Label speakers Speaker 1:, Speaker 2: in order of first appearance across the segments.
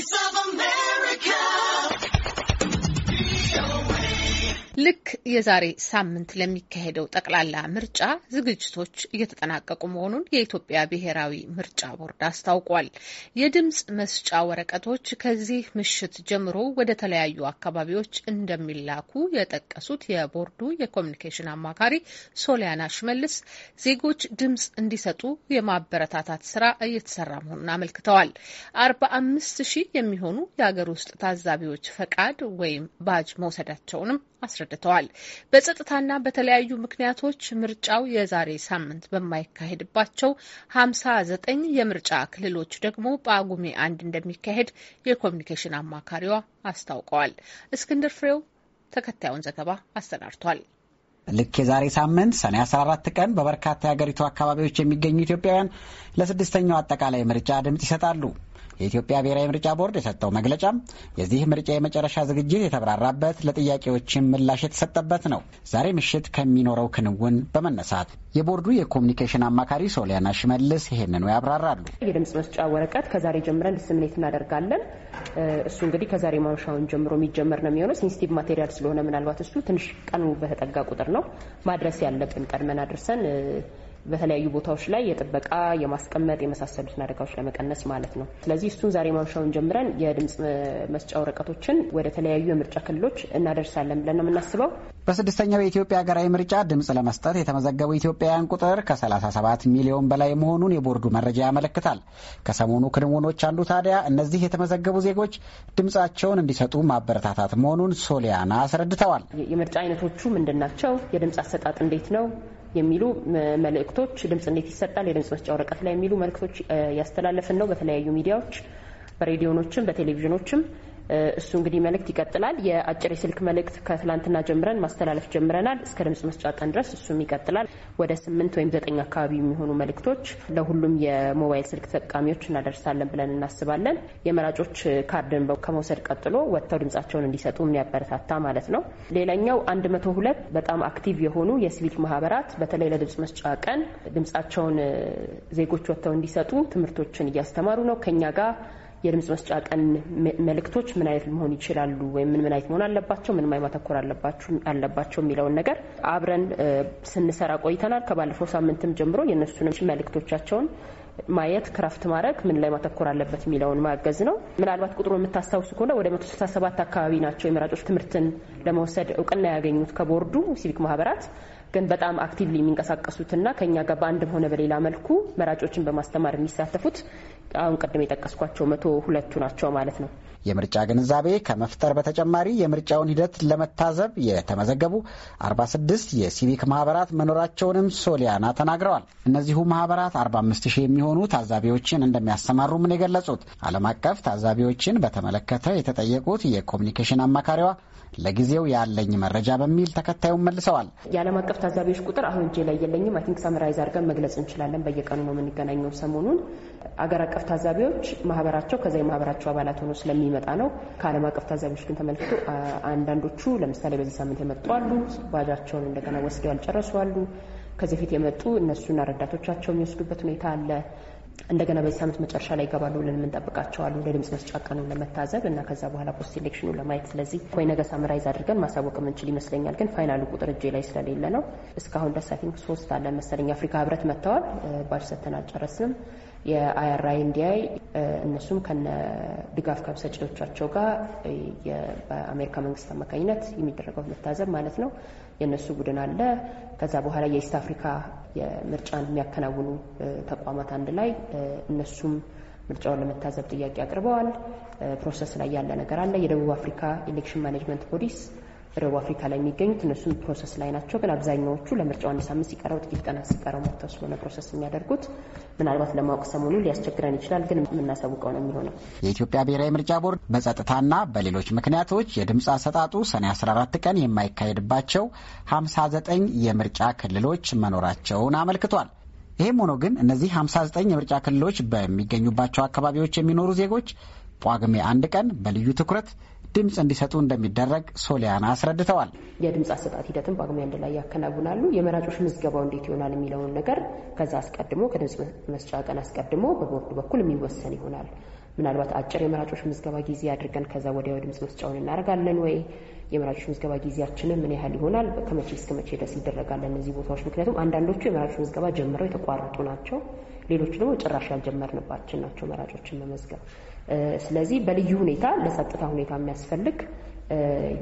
Speaker 1: voice of የዛሬ ሳምንት ለሚካሄደው ጠቅላላ ምርጫ ዝግጅቶች እየተጠናቀቁ መሆኑን የኢትዮጵያ ብሔራዊ ምርጫ ቦርድ አስታውቋል። የድምፅ መስጫ ወረቀቶች ከዚህ ምሽት ጀምሮ ወደ ተለያዩ አካባቢዎች እንደሚላኩ የጠቀሱት የቦርዱ የኮሚኒኬሽን አማካሪ ሶሊያና ሽመልስ ዜጎች ድምፅ እንዲሰጡ የማበረታታት ስራ እየተሰራ መሆኑን አመልክተዋል። አርባ አምስት ሺህ የሚሆኑ የሀገር ውስጥ ታዛቢዎች ፈቃድ ወይም ባጅ መውሰዳቸውንም አስረድተዋል። በጸጥታና በተለያዩ ምክንያቶች ምርጫው የዛሬ ሳምንት በማይካሄድባቸው ሀምሳ ዘጠኝ የምርጫ ክልሎች ደግሞ በጳጉሜ አንድ እንደሚካሄድ የኮሚኒኬሽን አማካሪዋ አስታውቀዋል። እስክንድር ፍሬው ተከታዩን ዘገባ አሰናድቷል።
Speaker 2: ልክ የዛሬ ሳምንት ሰኔ 14 ቀን በበርካታ የሀገሪቱ አካባቢዎች የሚገኙ ኢትዮጵያውያን ለስድስተኛው አጠቃላይ ምርጫ ድምፅ ይሰጣሉ። የኢትዮጵያ ብሔራዊ ምርጫ ቦርድ የሰጠው መግለጫም የዚህ ምርጫ የመጨረሻ ዝግጅት የተብራራበት ለጥያቄዎችም ምላሽ የተሰጠበት ነው። ዛሬ ምሽት ከሚኖረው ክንውን በመነሳት የቦርዱ የኮሚኒኬሽን አማካሪ ሶሊያና ሽመልስ ይህንኑ ያብራራሉ።
Speaker 3: የድምጽ መስጫ ወረቀት ከዛሬ ጀምረን ዲስሚኔት እናደርጋለን። እሱ እንግዲህ ከዛሬ ማምሻውን ጀምሮ የሚጀመር ነው የሚሆነው። ሴንሲቲቭ ማቴሪያል ስለሆነ ምናልባት እሱ ትንሽ ቀኑ በተጠጋ ቁጥር ነው ማድረስ ያለብን ቀድመን አድርሰን በተለያዩ ቦታዎች ላይ የጥበቃ የማስቀመጥ የመሳሰሉትን አደጋዎች ለመቀነስ ማለት ነው። ስለዚህ እሱን ዛሬ ማምሻውን ጀምረን የድምፅ መስጫ ወረቀቶችን ወደ ተለያዩ የምርጫ ክልሎች እናደርሳለን ብለን ነው
Speaker 2: የምናስበው። በስድስተኛው የኢትዮጵያ ሀገራዊ ምርጫ ድምፅ ለመስጠት የተመዘገቡ ኢትዮጵያውያን ቁጥር ከ37 ሚሊዮን በላይ መሆኑን የቦርዱ መረጃ ያመለክታል። ከሰሞኑ ክንውኖች አንዱ ታዲያ እነዚህ የተመዘገቡ ዜጎች ድምፃቸውን እንዲሰጡ ማበረታታት መሆኑን ሶሊያና አስረድተዋል። የምርጫ አይነቶቹ ምንድን ናቸው? የድምፅ አሰጣጥ እንዴት ነው? የሚሉ መልእክቶች
Speaker 3: ድምጽ እንዴት ይሰጣል የድምጽ መስጫ ወረቀት ላይ የሚሉ መልእክቶች ያስተላለፍን ነው በተለያዩ ሚዲያዎች በሬዲዮኖችም በቴሌቪዥኖችም እሱ እንግዲህ መልእክት ይቀጥላል። የአጭር የስልክ መልእክት ከትላንትና ጀምረን ማስተላለፍ ጀምረናል። እስከ ድምጽ መስጫ ቀን ድረስ እሱም ይቀጥላል። ወደ ስምንት ወይም ዘጠኝ አካባቢ የሚሆኑ መልእክቶች ለሁሉም የሞባይል ስልክ ተጠቃሚዎች እናደርሳለን ብለን እናስባለን። የመራጮች ካርድን ከመውሰድ ቀጥሎ ወጥተው ድምጻቸውን እንዲሰጡ የሚያበረታታ ማለት ነው። ሌላኛው አንድ መቶ ሁለት በጣም አክቲቭ የሆኑ የሲቪክ ማህበራት በተለይ ለድምጽ መስጫ ቀን ድምጻቸውን ዜጎች ወጥተው እንዲሰጡ ትምህርቶችን እያስተማሩ ነው። ከኛ ጋር የድምጽ መስጫ ቀን መልእክቶች ምን አይነት መሆን ይችላሉ ወይም ምን ምን አይነት መሆን አለባቸው፣ ምን ማይ ማተኮር አለባቸው የሚለውን ነገር አብረን ስንሰራ ቆይተናል። ከባለፈው ሳምንትም ጀምሮ የእነሱንም መልእክቶቻቸውን ማየት ክራፍት ማድረግ ምን ላይ ማተኮር አለበት የሚለውን ማገዝ ነው። ምናልባት ቁጥሩ የምታስታውሱ ከሆነ ወደ 167 አካባቢ ናቸው የመራጮች ትምህርትን ለመውሰድ እውቅና ያገኙት ከቦርዱ ሲቪክ ማህበራት ግን በጣም አክቲቭሊ የሚንቀሳቀሱትና ከኛ ጋር በአንድም ሆነ በሌላ መልኩ መራጮችን በማስተማር የሚሳተፉት አሁን ቅድም የጠቀስኳቸው መቶ ሁለቱ
Speaker 2: ናቸው ማለት ነው። የምርጫ ግንዛቤ ከመፍጠር በተጨማሪ የምርጫውን ሂደት ለመታዘብ የተመዘገቡ 46 የሲቪክ ማህበራት መኖራቸውንም ሶሊያና ተናግረዋል። እነዚሁ ማህበራት 45 ሺህ የሚሆኑ ታዛቢዎችን እንደሚያሰማሩም ነው የገለጹት። ዓለም አቀፍ ታዛቢዎችን በተመለከተ የተጠየቁት የኮሚኒኬሽን አማካሪዋ ለጊዜው ያለኝ መረጃ በሚል ተከታዩን መልሰዋል።
Speaker 3: የዓለም አቀፍ ታዛቢዎች ቁጥር አሁን እጄ ላይ የለኝም። አይ ቲንክ ሳምራይዝ አድርገን መግለጽ እንችላለን። በየቀኑ ነው የምንገናኘው ሰሞኑን አገር አቀፍ ታዛቢዎች ማህበራቸው ከዛ የማህበራቸው አባላት ሆኖ ስለሚመጣ ነው። ከዓለም አቀፍ ታዛቢዎች ግን ተመልክቶ አንዳንዶቹ ለምሳሌ በዚህ ሳምንት የመጡ አሉ። ባጃቸውን እንደገና ወስደው ያልጨረሱ አሉ። ከዚህ ፊት የመጡ እነሱና ረዳቶቻቸው የሚወስዱበት ሁኔታ አለ። እንደገና በዚህ ሳምንት መጨረሻ ላይ ይገባሉ ብለን የምንጠብቃቸው አሉ። ለድምፅ መስጫ ቀኑ ለመታዘብ እና ከዛ በኋላ ፖስት ኢሌክሽኑ ለማየት። ስለዚህ ወይ ነገ ሳምራይዝ አድርገን ማሳወቅ የምንችል ይመስለኛል። ግን ፋይናሉ ቁጥር እጄ ላይ ስለሌለ ነው። እስካሁን ደስ አይ ቲንክ ሶስት አለን መሰለኝ አፍሪካ ህብረት መጥተዋል። ባጅ ሰተን አልጨረስንም። የአይአርአይ እንዲያይ እነሱም ከነ ድጋፍ ከሰጪዎቻቸው ጋር በአሜሪካ መንግስት አማካኝነት የሚደረገው መታዘብ ማለት ነው የእነሱ ቡድን አለ። ከዛ በኋላ የኢስት አፍሪካ የምርጫን የሚያከናውኑ ተቋማት አንድ ላይ እነሱም ምርጫውን ለመታዘብ ጥያቄ አቅርበዋል። ፕሮሰስ ላይ ያለ ነገር አለ። የደቡብ አፍሪካ ኤሌክሽን ማኔጅመንት ፖሊስ። ደቡብ አፍሪካ ላይ የሚገኙት እነሱም ፕሮሰስ ላይ ናቸው። ግን አብዛኛዎቹ ለምርጫው አንድ ሳምንት ሲቀረው ጥቂት ቀናት ሲቀረው መጥተው ስለሆነ ፕሮሰስ የሚያደርጉት ምናልባት ለማወቅ ሰሞኑ ሊያስቸግረን ይችላል። ግን የምናሳውቀው ነው የሚሆነው።
Speaker 2: የኢትዮጵያ ብሔራዊ ምርጫ ቦርድ በጸጥታና በሌሎች ምክንያቶች የድምፅ አሰጣጡ ሰኔ 14 ቀን የማይካሄድባቸው 59 የምርጫ ክልሎች መኖራቸውን አመልክቷል። ይህም ሆኖ ግን እነዚህ 59 የምርጫ ክልሎች በሚገኙባቸው አካባቢዎች የሚኖሩ ዜጎች ጳጉሜ አንድ ቀን በልዩ ትኩረት ድምፅ እንዲሰጡ እንደሚደረግ ሶሊያና አስረድተዋል።
Speaker 3: የድምፅ አሰጣት ሂደትን በጳጉሜ አንድ ላይ ያከናውናሉ። የመራጮች ምዝገባው እንዴት ይሆናል የሚለውን ነገር ከዛ አስቀድሞ ከድምፅ መስጫ ቀን አስቀድሞ በቦርዱ በኩል የሚወሰን ይሆናል። ምናልባት አጭር የመራጮች ምዝገባ ጊዜ አድርገን ከዛ ወዲያ ድምጽ መስጫውን እናደርጋለን ወይ? የመራጮች ምዝገባ ጊዜያችንን ምን ያህል ይሆናል? ከመቼ እስከ መቼ ድረስ ይደረጋል እነዚህ ቦታዎች? ምክንያቱም አንዳንዶቹ የመራጮች ምዝገባ ጀምረው የተቋረጡ ናቸው። ሌሎቹ ደግሞ ጭራሽ ያልጀመርንባችን ናቸው መራጮችን መመዝገብ። ስለዚህ በልዩ ሁኔታ ለጸጥታ ሁኔታ የሚያስፈልግ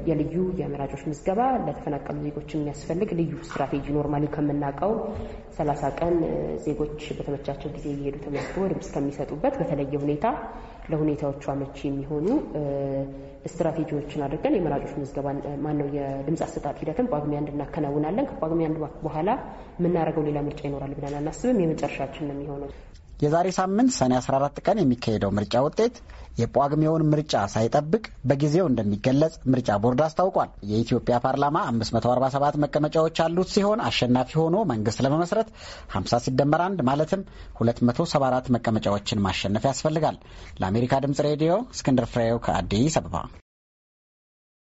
Speaker 3: የልዩ የመራጮች ምዝገባ ለተፈናቀሉ ዜጎች የሚያስፈልግ ልዩ ስትራቴጂ ኖርማሊ ከምናውቀው ሰላሳ ቀን ዜጎች በተመቻቸው ጊዜ እየሄዱ ተመዝግቦ ድምፅ ከሚሰጡበት በተለየ ሁኔታ ለሁኔታዎቹ አመቺ የሚሆኑ ስትራቴጂዎችን አድርገን የመራጮች ምዝገባ ማነው የድምፅ አሰጣጥ ሂደትን ጳጉሜ አንድ እናከናውናለን። ከጳጉሜ አንድ በኋላ የምናደርገው ሌላ ምርጫ ይኖራል ብለን አናስብም። የመጨረሻችን ነው የሚሆነው።
Speaker 2: የዛሬ ሳምንት ሰኔ 14 ቀን የሚካሄደው ምርጫ ውጤት የጳጉሜውን ምርጫ ሳይጠብቅ በጊዜው እንደሚገለጽ ምርጫ ቦርድ አስታውቋል። የኢትዮጵያ ፓርላማ 547 መቀመጫዎች ያሉት ሲሆን አሸናፊ ሆኖ መንግስት ለመመስረት 50 ሲደመር አንድ ማለትም 274 መቀመጫዎችን ማሸነፍ ያስፈልጋል። ለአሜሪካ ድምጽ ሬዲዮ እስክንድር ፍሬው ከአዲስ አበባ